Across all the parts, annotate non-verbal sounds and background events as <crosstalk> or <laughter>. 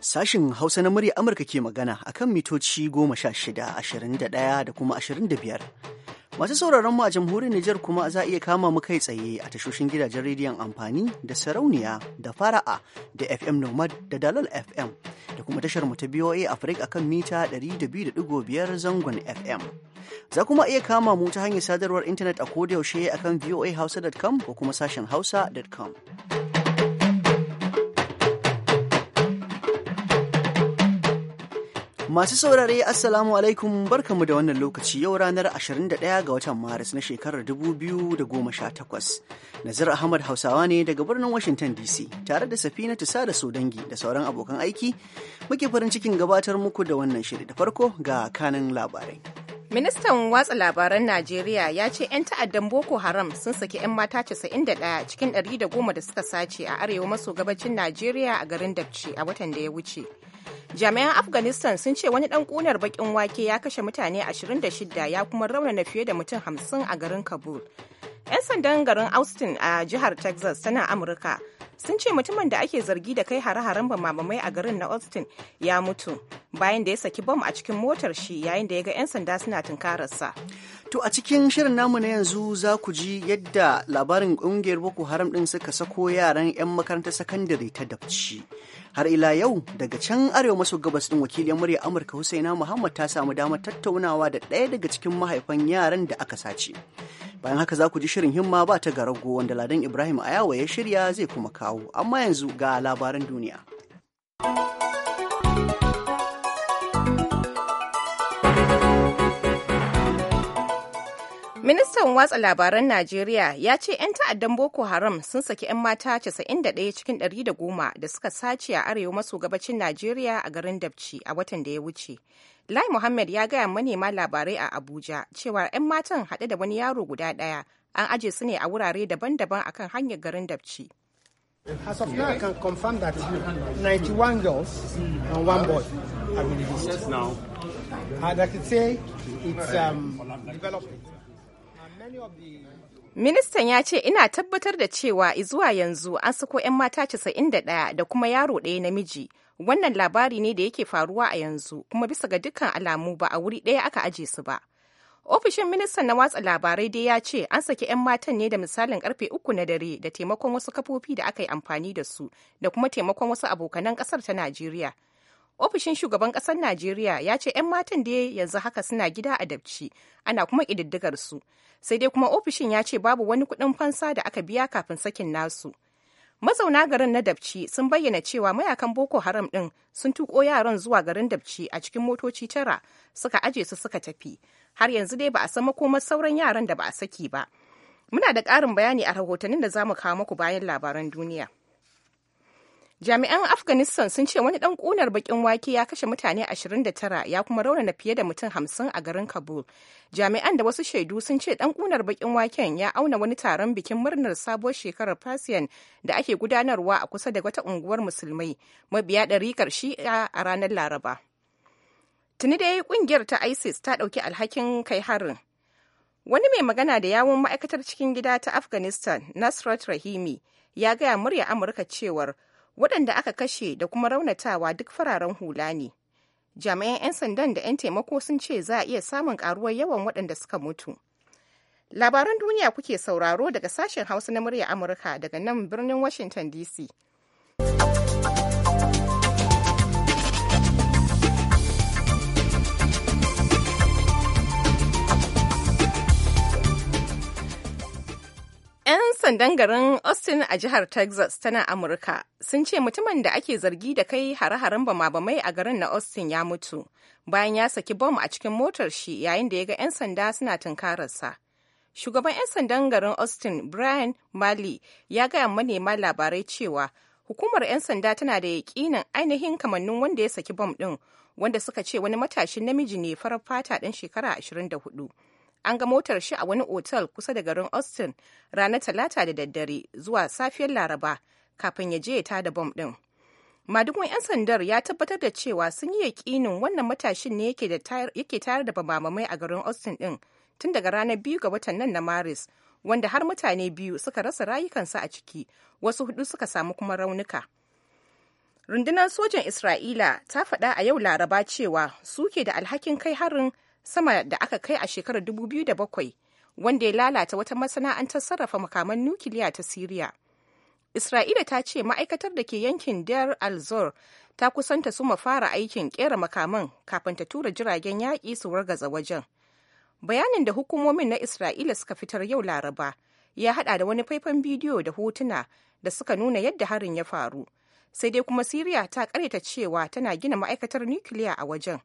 Sashin Hausa na murya Amurka ke magana a kan mitoci goma sha shida, ashirin da ɗaya da kuma ashirin da biyar. Masu sauraron mu a jamhuriyar Nijar kuma za a iya kama mu kai tsaye a tashoshin gidajen rediyon amfani da sarauniya da fara'a da FM Nomad da Dalal FM da kuma tashar mu ta BOA Africa akan mita 200.5 zangon FM. Za kuma iya kama mu ta hanyar sadarwar intanet a kodayaushe akan voahausa.com ko kuma sashen hausa.com. Masu saurare Assalamu alaikum barkamu da wannan lokaci yau ranar 21 ga watan Maris na shekarar 2018. Nazir Ahmad Hausawa ne daga birnin Washington DC tare da Safina Tusa da Sodangi da sauran abokan aiki muke farin cikin gabatar muku da wannan shiri da farko ga kanin labarai. Ministan watsa labaran Najeriya ya ce 'yan ta'addan Boko Haram sun saki 'yan mata 91 cikin 110 da suka sace a arewa maso gabacin Najeriya a garin Dabci a watan da ya wuce. jami'an afghanistan sun ce wani dan kunar bakin wake ya kashe mutane 26 ya kuma raunana fiye da mutum hamsin a garin kabul 'yan sandan garin austin a jihar texas tana amurka sun ce mutumin da ake zargi da kai hare-haren bamamamai a garin na austin ya mutu bayan da ya saki bom a cikin motar shi yayin da ya ga 'yan sanda suna tunkararsa to a cikin shirin namu na yanzu za ku ji yadda labarin kungiyar boko haram din suka sako yaran 'yan makarantar sakandare ta dabci har ila yau daga can arewa maso gabas din wakilin murya amurka husaina muhammad ta samu damar tattaunawa da ɗaya daga cikin mahaifan yaran da aka sace bayan haka za ku ji shirin himma ba ta garago wanda ladan ibrahim ayawa ya shirya zai kuma kawo amma yanzu ga labaran duniya Ministan watsa labaran Najeriya ya ce 'yan ta'addan Boko Haram sun saki 'yan mata 91 cikin 110 da suka sace a arewa maso gabacin Najeriya a garin Dabci a watan da ya wuce. Lai Muhammad ya gaya manema labarai a Abuja cewa 'yan matan haɗe da wani yaro guda ɗaya an aje su ne a wurare daban-daban akan hanyar garin Dabci. As of now, I that 91 girls and one boy have been released. Now, uh, and I say it's um, Ministan ya ce ina tabbatar da cewa zuwa yanzu an sako 'yan mata 91 da kuma yaro ɗaya namiji. Wannan labari ne da yake faruwa a yanzu kuma bisa ga dukkan alamu ba a wuri ɗaya aka aje su ba. Ofishin ministan na watsa labarai dai ya ce an saki 'yan matan ne da misalin karfe uku na dare da taimakon wasu kafofi da aka yi amfani da su da kuma taimakon wasu abokanan ƙasar ta Najeriya ofishin shugaban ƙasar najeriya ya ce 'yan matan da yanzu haka suna gida a dabci ana kuma ƙididdigar su sai dai kuma ofishin ya ce babu wani kuɗin fansa da aka biya kafin sakin nasu mazauna garin na dabci sun bayyana cewa mayakan boko haram ɗin sun tuko yaran zuwa garin dabci a cikin motoci tara suka aje su suka tafi har yanzu dai ba a san makomar sauran yaran da ba a saki ba muna da ƙarin bayani a rahotannin da za mu kawo muku bayan labaran duniya Jami'an Afghanistan sun ce wani dan kunar bakin wake ya kashe mutane 29 ya kuma raunana fiye da mutum hamsin a garin Kabul. Jami'an da wasu shaidu sun ce dan kunar bakin waken ya auna wani taron bikin murnar sabuwar shekarar Persian da ake gudanarwa a kusa da wata unguwar musulmai mabiya ɗarikar shi'a a ranar Laraba. Tuni dai kungiyar ta ISIS ta ɗauki alhakin kai harin. Wani mai magana da yawun ma'aikatar cikin gida ta Afghanistan, Nasrat Rahimi, ya gaya murya Amurka cewar waɗanda aka kashe da kuma raunatawa duk fararen hula ne jami'an 'yan sandan da 'yan taimako sun ce za a iya samun karuwar yawan waɗanda suka mutu labaran duniya kuke sauraro daga sashen hausa na murya amurka daga nan birnin washington dc 'Yan sandan garin Austin a jihar Texas tana Amurka sun ce mutumin da ake zargi da kai hare-haren bama-bamai a garin na Austin ya mutu bayan ya saki bom a cikin motar shi yayin da ya ga 'yan sanda suna tunkararsa. Shugaban 'yan sandan garin Austin Brian Mali ya gaya manema labarai cewa hukumar 'yan sanda tana da yaƙinin ainihin kamannin wanda ya saki bom ɗin wanda suka ce wani matashin namiji ne farar fata ɗan shekara 24. an ga motar shi a wani otal kusa da garin austin ranar talata da daddare zuwa safiyar laraba kafin ya je ya da bom din madugun 'yan sandar ya tabbatar da cewa sun yi yakinin wannan matashin ne yake tayar da bamamai a garin austin din tun daga ranar biyu ga watan nan na maris wanda har mutane biyu suka rasa rayukansu a ciki wasu hudu suka samu kuma raunuka rundunar sojan isra'ila ta faɗa a yau laraba cewa su ke da alhakin kai harin sama da aka kai a shekarar 2007 wanda ya lalata wata masana'antar sarrafa makaman nukiliya ta Siriya. Isra'ila ta ce ma'aikatar da ke yankin Dar al-Zor ta kusanta su fara aikin kera makaman kafin ta tura jiragen yaƙi su wargaza wajen. Bayanin da hukumomin na Isra'ila suka fitar yau Laraba ya hada da wani faifan bidiyo da hotuna da suka nuna yadda harin ya faru. Sai dai kuma Siriya ta karyata cewa tana gina ma'aikatar nukiliya a wajen.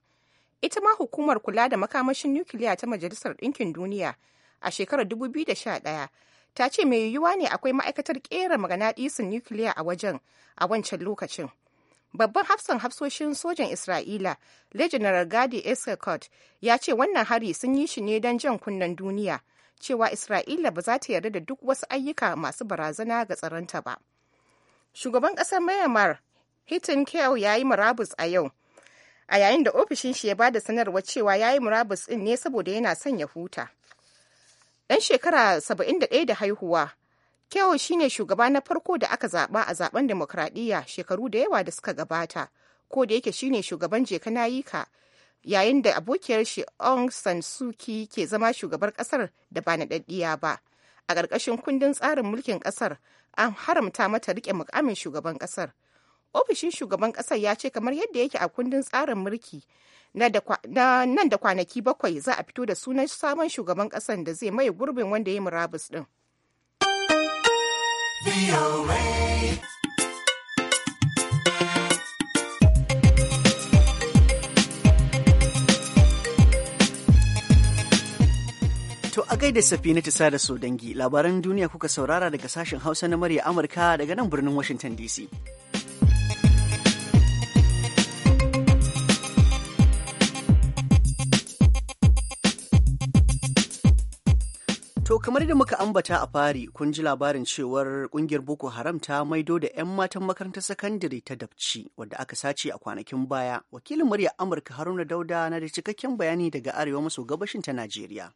ita ma hukumar kula da makamashin nukiliya ta majalisar ɗinkin duniya a shekarar 2011 ta ce mai yiwuwa ne akwai ma'aikatar ƙera maganaɗisin nukiliya a wajen a wancan lokacin babban hafsan hafsoshin sojan isra'ila legionary gadi escort ya ce wannan hari sun yi shi ne don jan kunnen duniya cewa isra'ila ba za ta yarda da duk wasu ayyuka masu barazana ga tsaronta ba shugaban ƙasar myanmar hitin kyau ya yi murabus a yau a yayin da ofishin shi ya bada sanarwa cewa ya yi murabus din ne saboda yana son ya huta. Ɗan shekara 71 da haihuwa, Kewo shine shugaba na farko da aka zaɓa a zaben demokradiyya shekaru da yawa da suka gabata, ko da yake shine shugaban jeka nayika yayin da abokiyar shi Aung San Suu Kyi ke zama shugabar kasar da ba naɗaɗɗiya ba. A ƙarƙashin kundin tsarin mulkin ƙasar, an haramta mata riƙe mukamin shugaban ƙasar. ofishin shugaban kasar ya ce kamar yadda yake a kundin tsarin mulki nan da kwanaki bakwai za a fito da sunan sabon shugaban kasar da zai maye gurbin wanda ya murabus din. To a gaida safi na tisa da so dangi labaran duniya kuka saurara daga sashen Hausa na murya Amurka daga nan birnin Washington DC. To kamar da muka ambata a fari kun ji labarin cewar kungiyar Boko Haram ta maido da 'yan matan makarantar sakandare ta Dabci wadda aka sace a kwanakin baya. Wakilin murya Amurka Haruna Dauda na da cikakken bayani daga arewa maso gabashin ta Najeriya.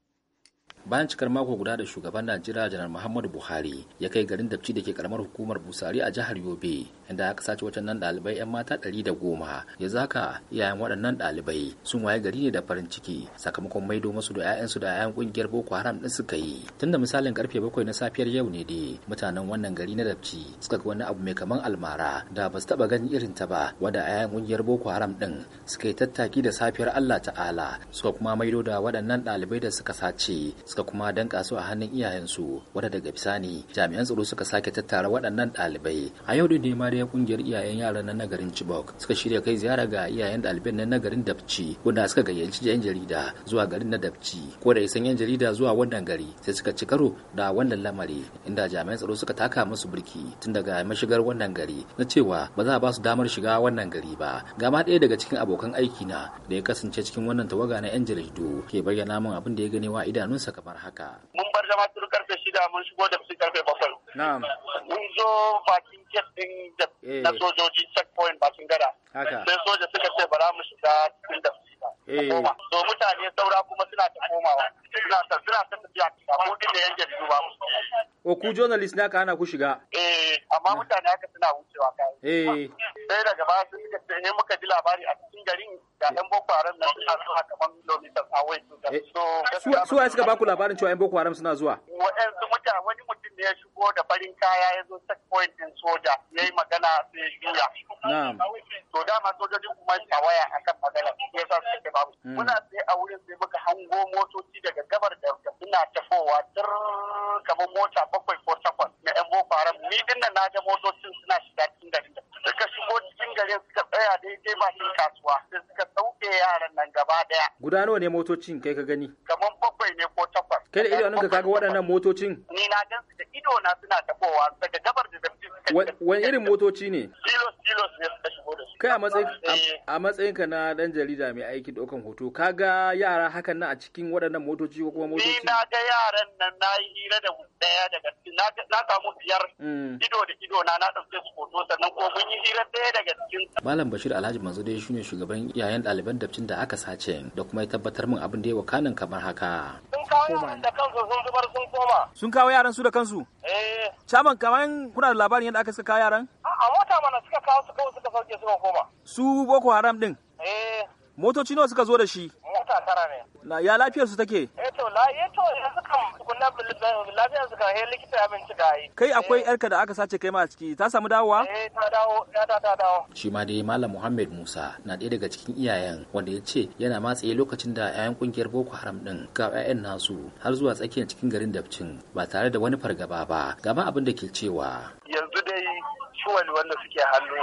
bayan cikar mako guda da shugaban najeriya janar muhammadu buhari ya kai garin dabci da ke karamar hukumar busari a jihar yobe inda aka sace waɗannan ɗalibai 'yan mata ɗari da goma yanzu haka iyayen waɗannan ɗalibai sun waye gari ne da farin ciki sakamakon maido masu da 'ya'yansu da 'ya'yan ƙungiyar boko haram ɗin suka yi tunda misalin karfe bakwai na safiyar yau ne dai mutanen wannan gari na dabci suka ga wani abu mai kaman almara da ba su taɓa ganin irin ta ba wanda 'ya'yan ƙungiyar boko haram ɗin suka yi tattaki da safiyar allah ta'ala suka kuma maido da waɗannan ɗalibai da suka sace suka kuma danka su a hannun iyayensu wadda daga bisani jami'an tsaro suka sake tattara waɗannan ɗalibai a yau da ma da kungiyar iyayen yaran na nagarin Chibok suka shirya kai ziyara ga iyayen ɗalibai na nagarin Dabci wanda suka gayyaci yan jarida zuwa garin na Dabci ko da isan yan jarida zuwa wannan gari sai suka ci karo da wannan lamari inda jami'an tsaro suka taka musu birki tun daga mashigar wannan gari na cewa ba za a ba su damar shiga wannan gari ba ga ma ɗaya daga cikin abokan aiki na da ya kasance cikin wannan tawaga na yan jaridu ke bayyana min abin da ya gani wa idanunsa ka kamar haka. Mun bar zama tun karfe shida mun shigo da su karfe bakwai. Na'am. Mun zo bakin gate din eh. na sojoji checkpoint bakin gada. Haka. Sai soja suka ce bara mu shiga cikin da eh. koma. So mutane saura kuma suna ta komawa. Suna ta suna ta tafiya a kudin da yanke su ba musu. O ku journalist na ka ana ku shiga. Eh amma mutane haka suna wucewa kai. Eh. Sai daga baya sun da ne muka ji labari a cikin garin ga yan eh. boko haram na suna zuwa kamar kilomitar away eh. su waye suka baku labarin cewa yan boko haram suna zuwa wa'yansu mutane wani mutum ne ya shigo da farin kaya ya zo checkpoint din soja ya yi magana sai ya juya to dama sojojin kuma ta waya akan magana ya sa su ke babu hmm. muna sai a wurin sai muka hango motoci daga gabar da suna tafowa dir kamar mota bakwai ko takwas na yan boko haram ni dinnan na ga motocin suna shiga cikin garin da suka shigo cikin garin suka tsaya daidai shi kasuwa sai suka sauke yaran nan gaba daya. Guda nawa ne motocin kai ka gani? Kaman bakwai ne ko takwas. Kai da idanun ka kaga waɗannan motocin? Ni na gan su da ido na suna tabowa daga gabar da zafi. Wani irin motoci ne? Silos silos ne suka shigo da su. Kai a matsayin eh. ka na dan jarida mai aiki ɗaukan hoto ka ga yara hakan nan a cikin waɗannan motoci ko kuma motoci? Ni na ga yaran nan na yi hira da mu. daya daga na samu biyar mm. ido da ido na na ɗauke su hoto sannan ko mun yi hira ɗaya daga cikin Malam Bashir Alhaji Manzo dai shine shugaban yayan ɗaliban dabcin da aka sace da kuma ya tabbatar min abin da ya wakanin kamar haka. Sun kawo yaran da kansu sun zubar sun koma. Sun kawo yaran su da kansu? Eh. Caman kaman kuna da labarin yadda aka suka kawo yaran? A mota mana suka kawo su kawai suka sauke suka koma. Su Boko Haram din? Eh. motoci nawa suka zo da shi mota tara ne na ya lafiyar su take eh to la eh to yanzu kan kunna lafiyar su kan eh likita ya bincika yi kai akwai yarka eh. da aka sace kai ma ciki ta samu dawowa eh ta dawo ta ta dawo shi ma dai malam muhammad musa na ɗaya daga cikin iyayen wanda ya ce yana matse lokacin da 'ya'yan kungiyar boko haram din ga 'ya'yan nasu har zuwa tsakiyar cikin garin dabcin ba tare da wani fargaba ba gaba abin da ke cewa yanzu dai ciwon wanda suke hannu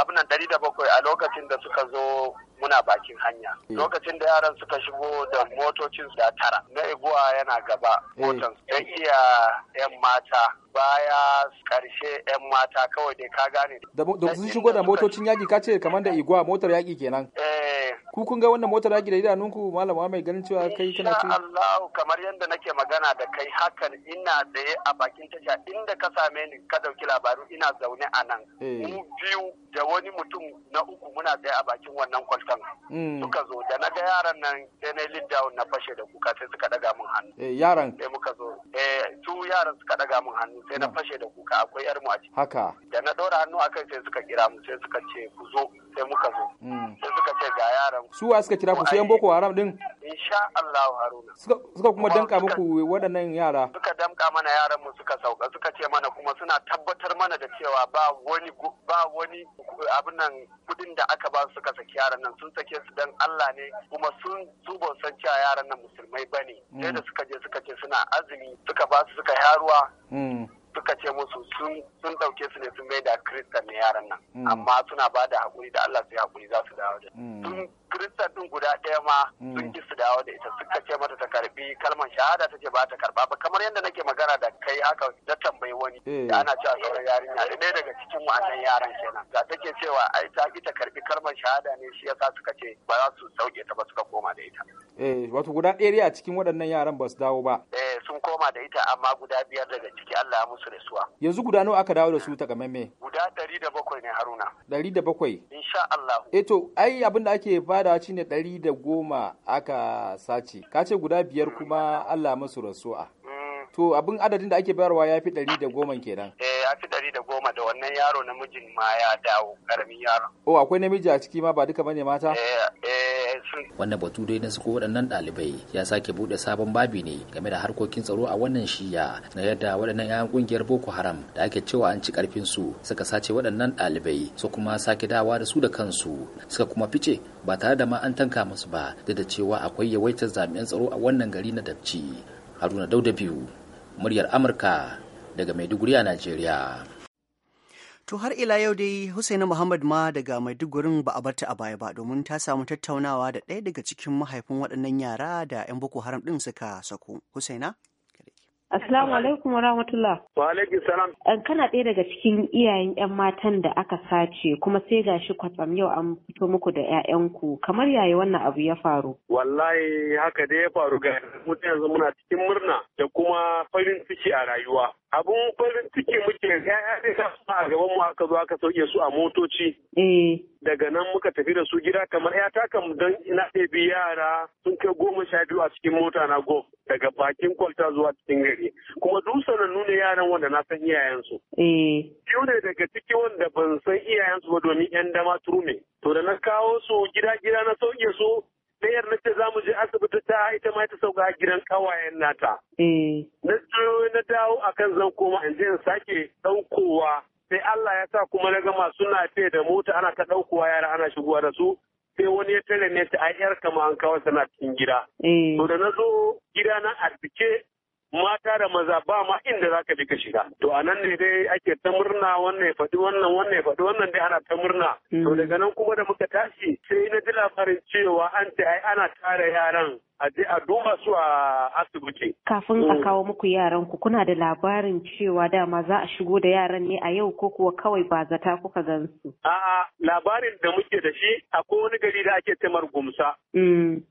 abinan ɗari da bakwai a lokacin da suka zo muna bakin hanya hmm. lokacin da yaran suka shigo da motocin da tara na iguwa yana gaba hmm. motan ya iya yan mata baya karshe yan mata kawai dai ka gane da sun shigo da motocin yaki ka ce kamar da igwa motar yaki kenan eh ku kun ga wannan motar yaki da idanunku malama mai ganin cewa kai kana ce Allah kamar yadda nake magana da kai hakan ina tsaye a bakin tasha inda ka same ni ka dauki labaru ina zaune a nan eh. mu biyu da wani mutum na uku muna tsaye a bakin wannan kwaltan hmm. suka zo da na ga yaran nan sai na lead down na fashe da kuka sai suka daga mun hannu eh yaran sai muka zo eh su yaran suka daga mun hannu sai na fashe da kuka akwai yar mu a ciki haka da na ɗora hannu akan sai suka kira mu sai suka ce ku zo sai muka zo mm. sai suka ce ga yaran su wa suka kira ku sai yan boko haram din insha Allah Haruna suka kuma danka muku waɗannan yara suka damka mana yaran mu suka sauka suka ce mana kuma suna tabbatar mana da cewa ba wani ba wani abin nan kudin da aka ba su suka saki yaran nan sun sake su dan Allah ne kuma sun su ban san cewa yaran nan musulmai bane mm. sai da suka je suka ce suna azumi suka ba su suka yaruwa suka ce musu sun dauke su ne sun mai da kristan ne yaran nan mm. amma suna ba da hakuri da Allah su yi hakuri za su dawo da sun mm. kristan din guda ɗaya ma mm. sun ki su dawo da ita suka ce mata ta karbi kalmar shahada ta ce ba ta karba ba kamar yadda nake magana da kai haka na tambayi wani eh. da ana cewa sauran yarinya da ɗaya daga cikin wannan yaran kenan da take cewa ai ta ki ta karbi kalmar shahada ne shi yasa suka ce ba za su sauke ta ba suka koma da ita eh wato guda ɗaya a cikin waɗannan yaran ba su dawo ba eh sun koma da ita amma guda biyar daga ciki Allah ya musu rasuwa yanzu guda nawa aka dawo da su takamaimai guda ɗari da bakwai ne haruna ɗari da bakwai insha Allah eh to ai abin da ake bada shi ne ɗari da goma aka sace ka ce guda biyar kuma Allah ya musu rasuwa mm. to abin adadin da ake bayarwa ya fi ɗari da goma kenan eh ya fi ɗari da goma da wannan yaro namijin ma ya dawo ƙaramin yaro. O akwai namiji a ciki ma ba duka bane mata? Eh, eh, wannan batu dai na suko waɗannan ɗalibai ya sake buɗe sabon babi ne game da harkokin tsaro a wannan shiya na yadda waɗannan 'ya'yan ƙungiyar Boko Haram da ake cewa an ci ƙarfin su suka sace waɗannan ɗalibai su kuma sake dawa da su da kansu suka kuma fice ba tare da ma an tanka musu ba da cewa akwai yawaitar jami'an tsaro a wannan gari na Dabci. Haruna Dauda biyu muryar Amurka daga Maiduguri a Najeriya. To har ila yau dai Husaina Muhammad ma daga Maidugurin ba a barta a baya ba domin ta samu tattaunawa da ɗaya daga cikin mahaifin waɗannan yara da 'yan Boko Haram ɗin suka sako. Husaina? Assalamu alaikum wa rahmatullah. Wa alaikum salam. An kana ɗaya daga cikin iyayen 'yan matan da aka sace kuma sai ga shi kwatsam yau an fito muku da 'ya'yanku kamar yaya wannan abu ya faru. Wallahi haka dai ya faru ga mutum yanzu muna cikin murna da kuma farin ciki a rayuwa. Abun farin ciki muke ya'ya ne a gaban mu aka zo aka sauke su a motoci. Eh. Daga nan muka tafi da su gida kamar 'yata kam don ina ɗebi yara sun kai goma sha biyu a cikin mota na go daga bakin kwalta zuwa cikin gari. kuma duk sanannu ne yaran wanda na san iyayensu. Eh. Biyu ne daga ciki wanda ban san iyayensu ba domin yan dama turu ne. To da na kawo su gida gida na sauke su ɗayar na ce za mu je asibiti ta ita ma ta sauka gidan kawayen nata. Eh. Na na dawo akan zan koma in je in sake ɗaukowa sai Allah ya sa kuma na gama suna fe da mota ana ta ɗaukowa yara ana shigowa da su sai wani ya tare ne ta ai yar kama an kawo sana cikin gida. Eh. To da na zo gida na a mata da maza ba ma inda za ka bi ka shiga. To a nan ne dai ake ta murna wannan ya faɗi wannan wannan ya faɗi wannan dai ana ta murna. To mm. daga nan kuma da muka tashi sai na ji labarin cewa an ta ai ana tara yaran a duba su a asibiti. Kafin a mm. kawo muku yaran ku kuna da labarin cewa dama za a shigo da yaran ne a yau ko kuwa kawai ba zata kuka gansu. A'a labarin da muke da shi akwai wani gari da ake ta gumsa. Mm.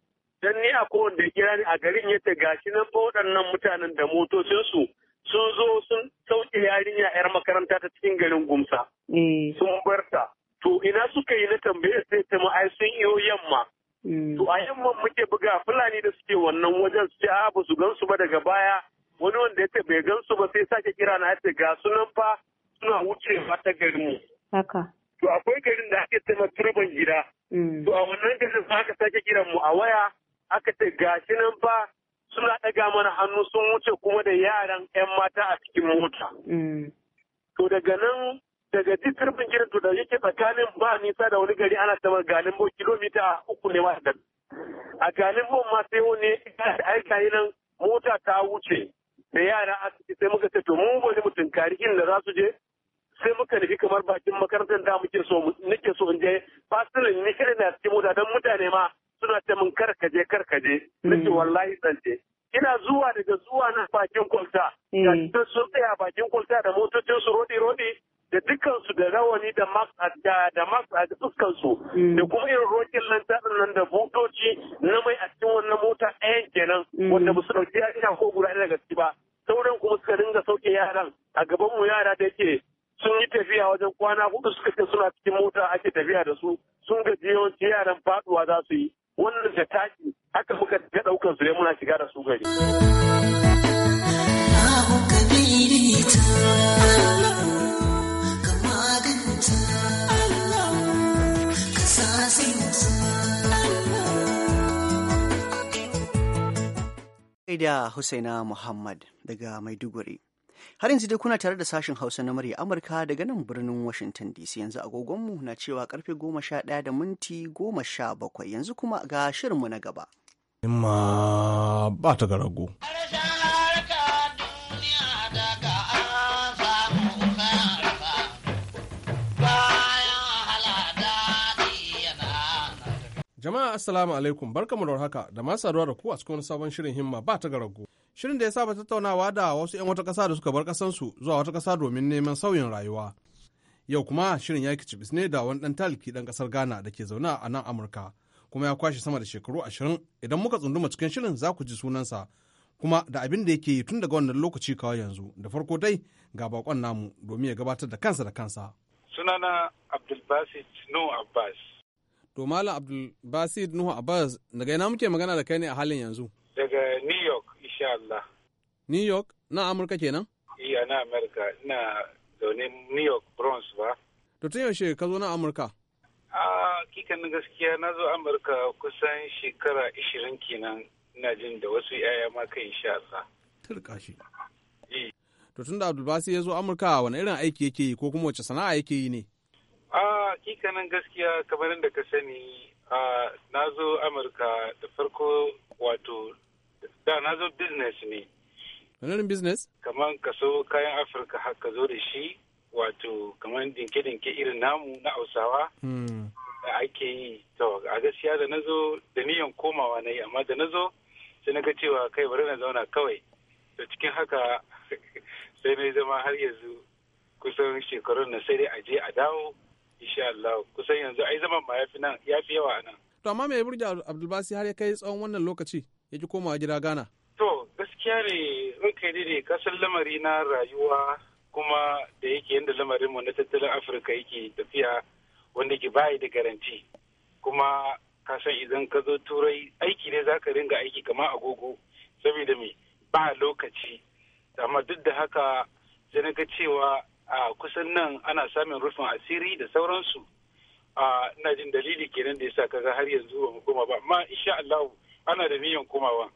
dan ni a kowanne da kira a garin yace gashi nan ba waɗannan mutanen da motocinsu sun zo sun sauke yarinya yar makaranta ta cikin garin gumsa eh. sun ta. to ina suka yi na tambaye sai ta ma ai sun iyo yamma mm. to a yamma muke buga fulani da suke wannan wajen su ce a ba su gan su ba daga baya wani wanda ya ce bai su ba sai sake kira na ce ga sunan fa suna wucewa ta garin mu to akwai garin da ake cewa turban gida mm. to a wannan garin za ka sake kiran mu a waya aka ce gashi nan fa suna ɗaga mana hannu sun wuce kuma da yaran 'yan mata a cikin mota. Mm. To daga nan daga dikirbin gidan to da yake tsakanin ba nisa da wani gari ana samar bo kilomita uku ne ma A a bo ma sai wani aika yi nan mota ta wuce da yara a ciki sai muka ce to mu wani mutum kari inda za su je sai muka nufi kamar bakin makarantar da muke so nake so in je fasilin ni na cikin mota don mutane ma suna ce min kar ka je kar ka mm. nake wallahi tsance ina zuwa daga zuwa na bakin kwalta mm. ga sun tsaya bakin kwalta da motocin su rodi rodi da dukkan su da rawani da max da max a fuskan su mm. da kuma irin rokin lantarki nan da motoci na mai a cikin wannan mota ɗayan kenan wanda ba su dauki yarinya ko guda ɗaya gaske ba sauran kuma suka dinga sauke yaran a gaban mu yara da yake sun yi tafiya wajen kwana hudu suka ce suna cikin mota ake tafiya da su sun gaji yawanci yaran faduwa za su yi wannan da taki haka muka ga daukar su ne muna shiga da su gari. da Husaina Muhammad daga Maiduguri. Har yanzu dai kuna tare da sashen Hausa na murya Amurka daga nan birnin Washington DC yanzu agogonmu na cewa karfe goma sha ɗaya da minti goma sha bakwai yanzu kuma ga shirinmu na gaba. Imma ba ta garago. Jama'a Assalamu alaikum barkamu da warhaka da ma saduwa da ku a cikin sabon shirin himma ba ta garago. Shirin da ya saba tattaunawa da wasu 'yan wata ƙasa da suka bar ƙasansu zuwa wata ƙasa domin neman sauyin rayuwa. Yau kuma shirin ya kicibis ne da wani ɗan taliki ɗan ƙasar Ghana da ke zaune a nan Amurka kuma ya kwashe sama da shekaru ashirin idan muka tsunduma cikin shirin za ku ji sunansa kuma da abin da yake yi tun daga wannan lokaci kawai yanzu da farko dai ga bakon namu domin ya gabatar da kansa da kansa. Sunana Abdulbasit Nuhu Abbas. To Malam Abdul Basir Nuhu Abbas daga ina muke magana da kai ne a halin yanzu? Daga New York insha Allah. New York na Amurka kenan? Iya na Amurka ina zaune New York Bronx ba. To tun yaushe ka zo na Amurka? A kikanin gaskiya na zo Amurka kusan shekara ishirin kenan ina jin da wasu yaya ma kai insha Allah. Turka shi. To tun da Abdul Basir ya zo Amurka wani irin aiki yake yi ko kuma wace sana'a yake yi ne? a kikanin gaskiya kamar da ka sani na zo amurka da farko wato da na zo business ne wani business kamar ka so kayan afirka haka zo da shi wato kamar dinke-dinke irin namu na hausawa hmm. da ake yi to a gaskiya da na da niyan komawa na yi amma da na sai na ga cewa kai bari na zauna kawai da cikin haka <laughs> sai na zama har yanzu kusan shekarun na sai dai a je a dawo insha Allah kusan yanzu ai zaman ma yafi nan yafi yawa nan to amma me burge Abdulbasi har ya kai tsawon wannan lokaci ya koma komawa gida Ghana to gaskiya ne kai ne kasan lamari na rayuwa kuma da yake yadda lamarin mu na tattalin Afirka yake tafiya wanda ke bayi da garanti kuma ka san idan ka zo turai aiki ne zaka ringa aiki kamar agogo saboda me ba lokaci amma duk da haka sai na ga cewa a kusan nan ana samun rufin asiri da sauransu a ina jin dalili kenan da yasa kaga har yanzu ba mu koma ba amma insha Allah ana da miyan komawa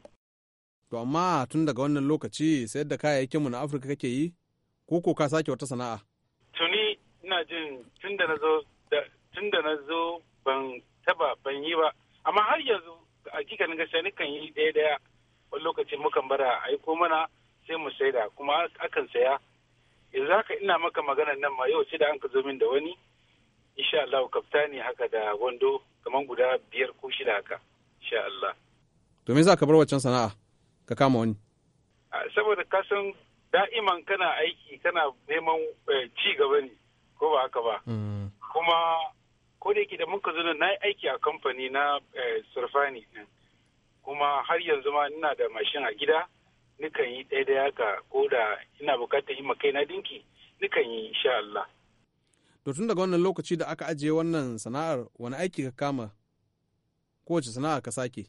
to amma tun daga wannan lokaci sayar da kayayyakinmu na Afirka kake yi ko ko ka sake wata sana'a tuni ina jin tun da nazo tun da nazo ban taba ban yi ba amma har yanzu hakikanin gaskiya nikan yi daya daya wani lokacin mukan bara aiko mana sai mu saida kuma akan saya yanzu haka ina maka maganar nan ma yau ce da an ka zo min da wani insha Allah kafta ne haka da wando kamar guda biyar ko shida haka insha Allah to me za ka bar waccan sana'a ka kama wani saboda ka san da'iman kana aiki kana neman eh, ci gaba ne ko ba haka ba mm. kuma ko da yake da muka zo na yi aiki a kamfani na eh, surfani kuma har yanzu ma ina da mashin a gida nikan yi ɗaya da haka ko da ina bukatar yi makai na dinki nikan yi insha Allah. To tun daga wannan lokaci da aka ajiye wannan sana'ar wani aiki ka kama kowace sana'a ka sake?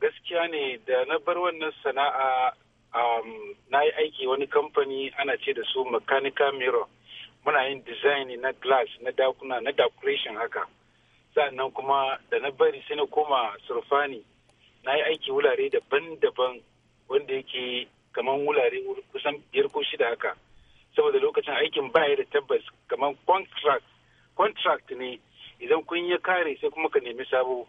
Gaskiya ne da na bar wannan sana'a um, na yi aiki wani kamfani ana ce da su mechanical mirror muna yin design na glass na dakuna na decoration haka sannan kuma da na bari sai na koma surfani na yi aiki wulare daban-daban wanda yake kamar wulare kusan biyar ko shida haka saboda lokacin aikin ba da tabbas kamar contract contract ne idan kun ya kare sai kuma ka nemi sabo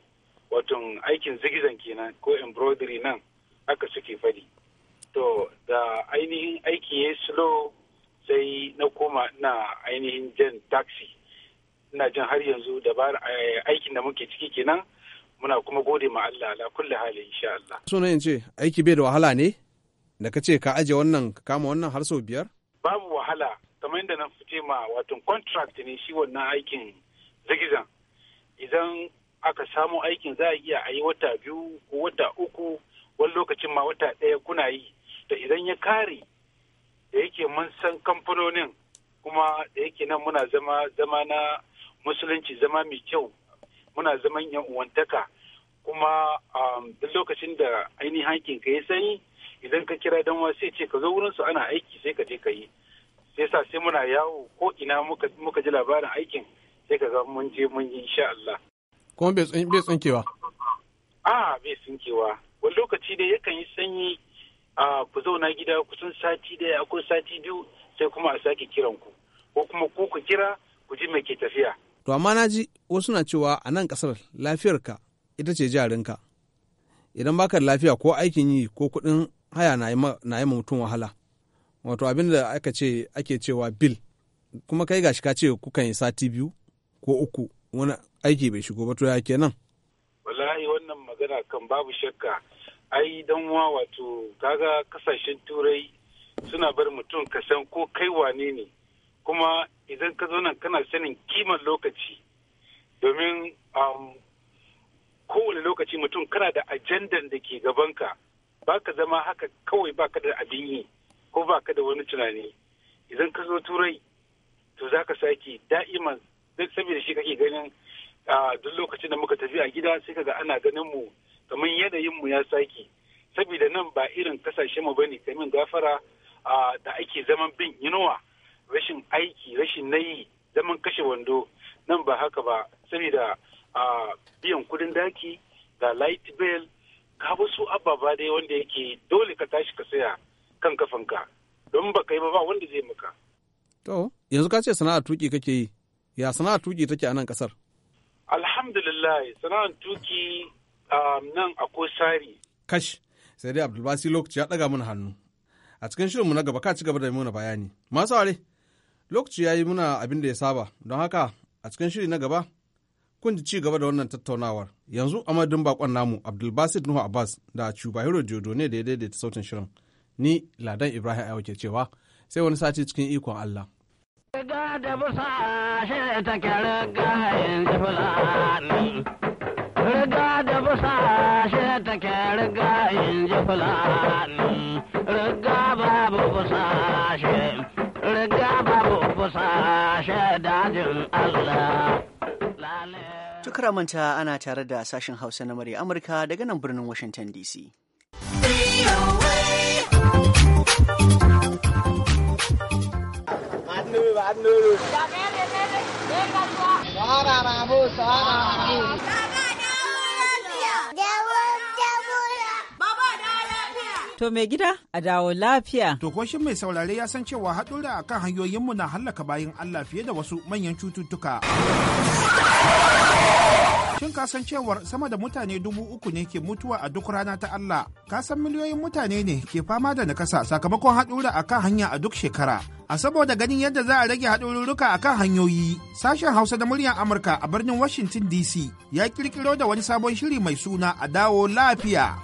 wato aikin zigizan kenan ko embroidery nan haka suke fadi to da ainihin aiki ya slow sai na koma na ainihin jan taxi ina jan har yanzu dabar eh, aikin da muke ciki kenan muna kuma gode ma Allah ala kulli hali insha Allah suna in ce aiki bai da wahala ne da ka ce ka aje wannan kama wannan har sau biyar babu wahala kamar yadda na fice ma wato contract ne shi wannan aikin zigizan idan aka samu aikin za a iya ayi wata biyu ko wata uku wani lokacin ma wata ɗaya kuna yi da idan ya kare da yake mun san kamfanonin kuma da yake nan muna zama zama na musulunci zama mai kyau muna zaman yan uwantaka kuma um, duk lokacin da ainihin hankin ka ya sanyi idan ka kira dan wasu ce ka zo wurin su ana aiki sai ka je ka yi sai sa sai muna yawo ko ina muka ji labarin aikin sai ka ga mun je mun yi insha Allah kuma bai tsinkewa a bai tsinkewa wani lokaci dai yakan yi sanyi a ku zauna gida kusan sati daya akwai sati biyu sai kuma a sake kiran ku ko kuma ku ku kira ku ji mai ke tafiya to amma na ji wasu na cewa a nan ƙasar lafiyarka ita ce jarinka idan baka da lafiya ko aikin yi ko kuɗin haya na yi mutum wahala wato abin da aka ce ake cewa bil kuma kai gashi ka ce kukan yi sati biyu ko uku wani aiki bai shigo ba to ya kenan wallahi wannan magana kan babu shakka ai dan wa wato kaga kasashen turai suna bar mutum kasan ko kai wane ne kuma idan ka zo nan kana sanin kimar lokaci domin um, kowane lokaci mutum kana da ajandan da ke gabanka ba ka zama haka kawai ba ka da abin yi ko ba ka da wani tunani idan ka zo turai to za ka sake da'iman zai saboda shi kake ganin a duk lokacin da muka tafi a gida sai kaga ana ganin mu kamar yanayin mu ya sake saboda nan ba irin kasashe mu bane kamin gafara da ake zaman bin inuwa rashin aiki rashin nayi zaman kashe wando nan ba haka ba saboda a biyan kudin daki ga light bill ga wasu ababa dai wanda yake dole ka tashi ka saya kan kafanka don ba kai ba ba wanda zai maka to yanzu ka ce sana'a tuki kake yi ya sana'a tuki take a nan kasar alhamdulillah sana'a tuki nan ko sari kash sai dai abdulbasi lokaci ya daga mana hannu a cikin shirinmu na gaba ka ci gaba da mana bayani masu ware lokaci ya yi muna abin da ya saba don haka a cikin shiri na gaba kun ji ci gaba da wannan tattaunawar yanzu a madadin bakon namu abdulbasid nuhu abbas da cubahiro jodo ne da ya daidaita sautin shirin ni ladan ibrahim ayawake ke cewa sai wani sati cikin ikon allah Riga da busa take riga Riga da fulani. Riga babu busa kashe manta ana tare da sashen Hausa na murya Amurka daga nan birnin Washington DC. Sara To mai gida a dawo lafiya. To mai saurare ya san cewa haɗura a kan hanyoyinmu na hallaka bayan Allah fiye da wasu manyan cututtuka. Shin ka san cewar sama da mutane dubu uku ne ke mutuwa a duk rana ta Allah? Ka san miliyoyin mutane ne ke fama da nakasa sakamakon haɗura a kan hanya a duk shekara. A saboda ganin yadda za a rage haɗururruka a kan hanyoyi, sashen Hausa da muryar Amurka a birnin Washington DC ya ƙirƙiro da wani sabon shiri mai suna a dawo lafiya.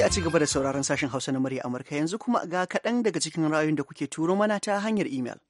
sai a ci gaba da sauraron sashen Hausa na murya Amurka yanzu kuma ga kaɗan daga cikin ra'ayoyin da kuke turo mana ta hanyar imel.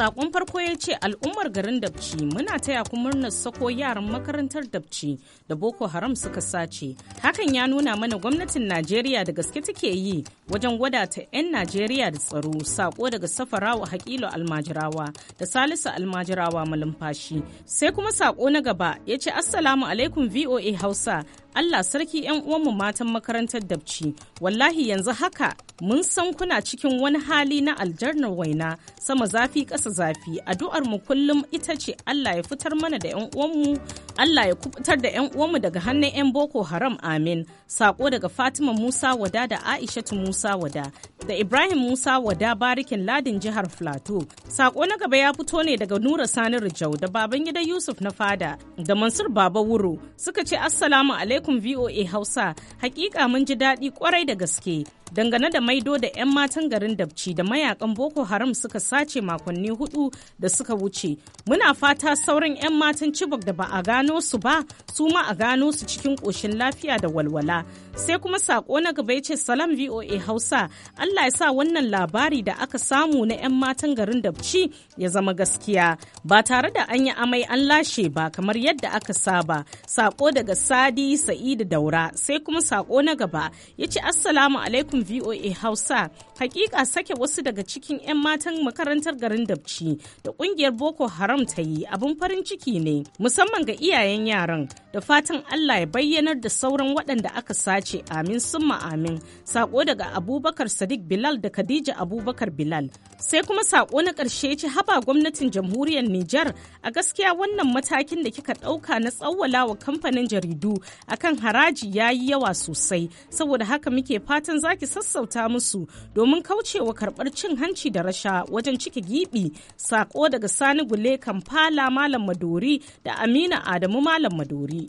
Sakon farko ya ce al'ummar garin Dabci muna taya ku murnar sako yaran makarantar Dabci da Boko Haram suka sace. Hakan ya nuna mana gwamnatin Najeriya da gaske take yi wajen wadata 'yan Najeriya da tsaro sako daga safarawa hakilo almajirawa da salisu almajirawa malumfashi. Sai kuma sako na gaba ya ce Assalamu alaikum VOA Hausa Allah sarki 'yan uwanmu matan makarantar dabci wallahi yanzu haka mun san kuna cikin wani hali na aljarnar waina sama zafi ƙasa zafi addu'ar mu kullum ita ce Allah ya fitar mana da 'yan uwanmu Allah ya kubutar da 'yan uwanmu daga hannun 'yan Boko Haram amin sako daga Fatima Musa Wada da Aishatu Musa Wada da Ibrahim Musa Wada barikin ladin jihar Plateau sako na gaba ya fito ne daga Nura Sani Rijau da Babangida Yusuf na fada da Mansur Baba Wuro suka ce assalamu alaikum alaikum VOA Hausa. Hakika mun ji daɗi kwarai da gaske dangane da maido da 'yan matan garin dabci da mayakan boko haram suka sace makonni hudu da suka wuce muna fata sauran 'yan matan cibok da ba a gano su ba su ma a gano su cikin koshin lafiya da walwala sai kuma sako na gaba ya ce salam voa hausa allah ya sa wannan labari da aka samu na 'yan matan garin dabci ya zama gaskiya ba tare da an yi amai an lashe ba kamar yadda aka saba sako daga sadi sa'idu daura sai kuma sako na gaba ya ce assalamu alaikum shirin VOA Hausa. Hakika sake wasu daga cikin 'yan matan makarantar garin Dabci da kungiyar Boko Haram ta yi abin farin ciki ne musamman ga iyayen yaran da fatan Allah ya bayyanar da sauran waɗanda aka sace amin summa amin. Sako daga Abubakar Sadiq Bilal da Khadija Abubakar Bilal. Sai kuma sako na ƙarshe ci haba gwamnatin jamhuriyar Nijar a gaskiya wannan matakin da kika ɗauka na tsawwala wa kamfanin jaridu akan haraji ya yi yawa sosai saboda haka muke fatan zaki sassauta musu domin kaucewa karbar cin hanci da rasha wajen cike gibi sako daga sani gule kamfala malam madori da amina adamu malam madori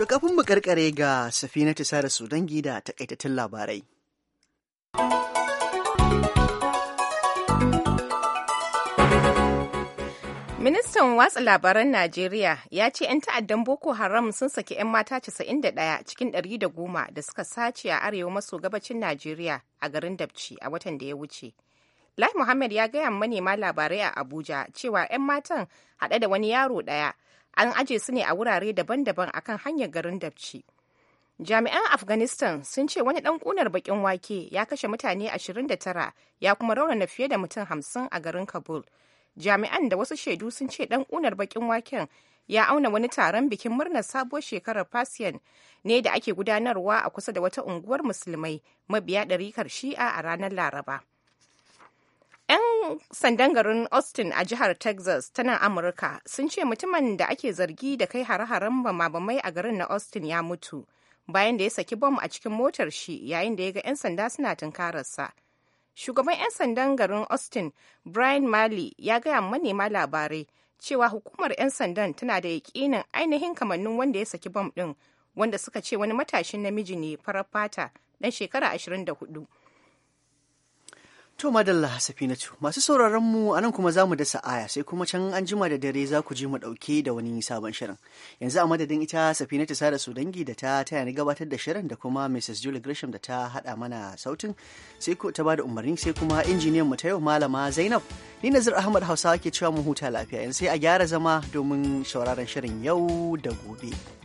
To kafin mu karkare ga ta sada su dangi da takaitattun labarai. Ministan watsa labaran Najeriya ya ce 'yan ta'addan Boko Haram sun saki 'yan mata 91 cikin 110 da suka sace a arewa maso gabacin Najeriya a garin Dabci a watan da ya wuce. Lai Muhammad ya gaya manema labarai a Abuja cewa 'yan matan haɗe da wani yaro ɗaya an aje su ne a wurare daban-daban akan hanyar garin Dabci. Jami'an Afghanistan sun ce wani ɗan ƙunar baƙin wake ya kashe mutane 29 ya kuma raunana fiye da mutum 50 a garin Kabul. jami'an da wasu shaidu sun ce dan unar bakin waken ya auna wani taron bikin murnar sabuwar shekarar fasiyan ne da ake gudanarwa a kusa da wata unguwar musulmai mabiya ɗarikar shi'a a ranar laraba 'yan sandan garin austin a jihar texas ta nan amurka sun ce mutumin da ake zargi da kai hare-haren bama-bamai a garin na austin ya mutu bayan da ya saki bom a cikin motar shi yayin da ya ga 'yan sanda suna tunkararsa. shugaban 'yan sandan garin austin brian marley ya gaya manema labarai cewa hukumar 'yan sandan tana da yakinin ainihin kamannin wanda ya saki bom ɗin wanda suka ce wani matashin namiji ne farar fata ɗan shekara 24 To madalla safinatu masu sauraron mu nan kuma za mu dasa aya sai kuma can an jima da dare za ku je mu ɗauke da wani sabon shirin. Yanzu a madadin ita safinatu sada su dangi da ta taya ni gabatar da shirin da kuma Mrs. Julie Gresham da ta hada mana sautin sai ku ta bada umarni sai kuma injiniyan mu ta yau malama Zainab. Ni Nazir Ahmad hausa ke cewa mu huta lafiya yanzu sai a gyara zama domin sauraron shirin yau da gobe.